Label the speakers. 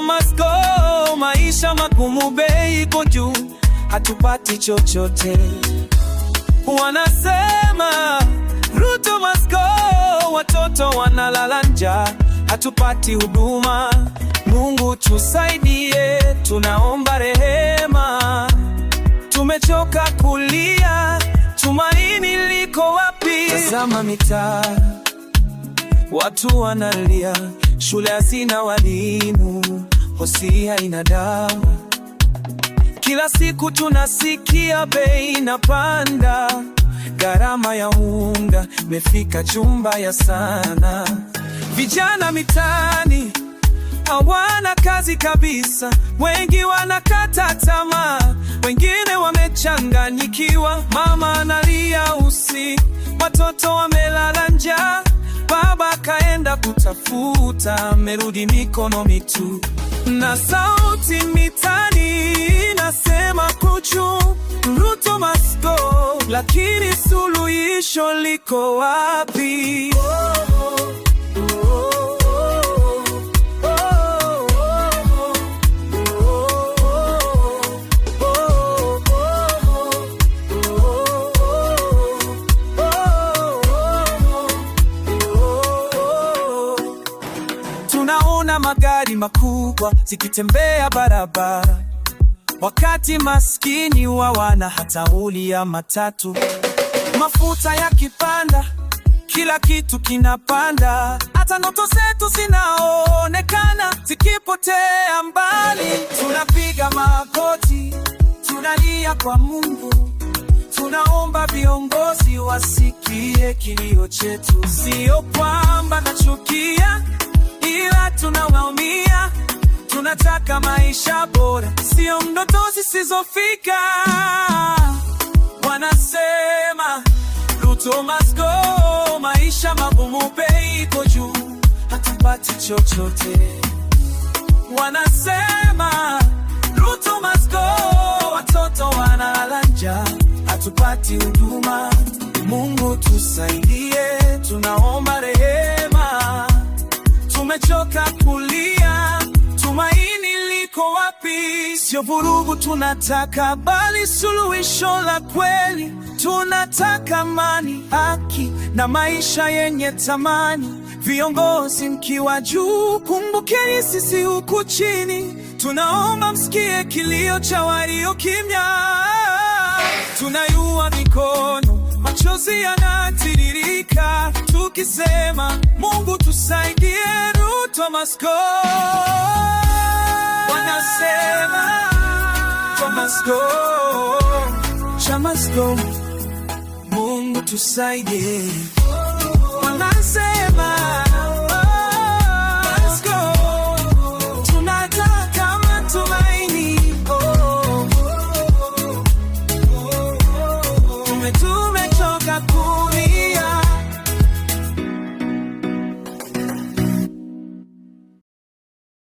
Speaker 1: masko, maisha magumu, bei iko juu, hatupati chochote. Wanasema Ruto masko, watoto wanalala njaa, hatupati huduma. Mungu tusaidie, tunaomba rehema, tumechoka kulia, tumaini liko wapi?
Speaker 2: Tazama mitaa, watu wanalia, shule hazina walimu Hosi inadamu. Kila siku tunasikia bei inapanda, gharama ya unga imefika chumba ya sana. Vijana mitaani hawana kazi kabisa, wengi wanakata tamaa, wengine wamechanganyikiwa. Mama analia usi, watoto wamelala njaa, baba kaenda kutafuta, amerudi mikono mitupu na sauti mitani inasema kuchu Ruto must go, lakini suluhisho liko wapi?
Speaker 1: kuna magari makubwa zikitembea barabara, wakati maskini wa wana hatauli ya matatu. Mafuta yakipanda, kila kitu kinapanda, hata ndoto zetu zinaonekana zikipotea mbali. Tunapiga magoti, tunalia kwa Mungu, tunaomba viongozi wasikie kilio chetu. Sio kwamba nachukia ila tunawaumia, tunataka maisha bora, sio ndoto zisizofika. Wanasema Ruto must go, maisha magumu, bei iko juu, hatupati chochote. Wanasema Ruto must go, watoto wanalala njaa, hatupati huduma. Mungu tusaidie, tunaomba rehema Tumechoka kulia, tumaini liko wapi? Sio vurugu tunataka, bali suluhisho la kweli. Tunataka amani, haki na maisha yenye thamani. Viongozi mkiwa juu, kumbukeni sisi huku chini. Tunaomba msikie kilio cha walio kimya. Tunayua mikono, machozi yanatiririka, tukisema Mungu tusaidie. Thomas Gore wanasema Thomas Gore, Thomas Gore, Mungu tusaidie.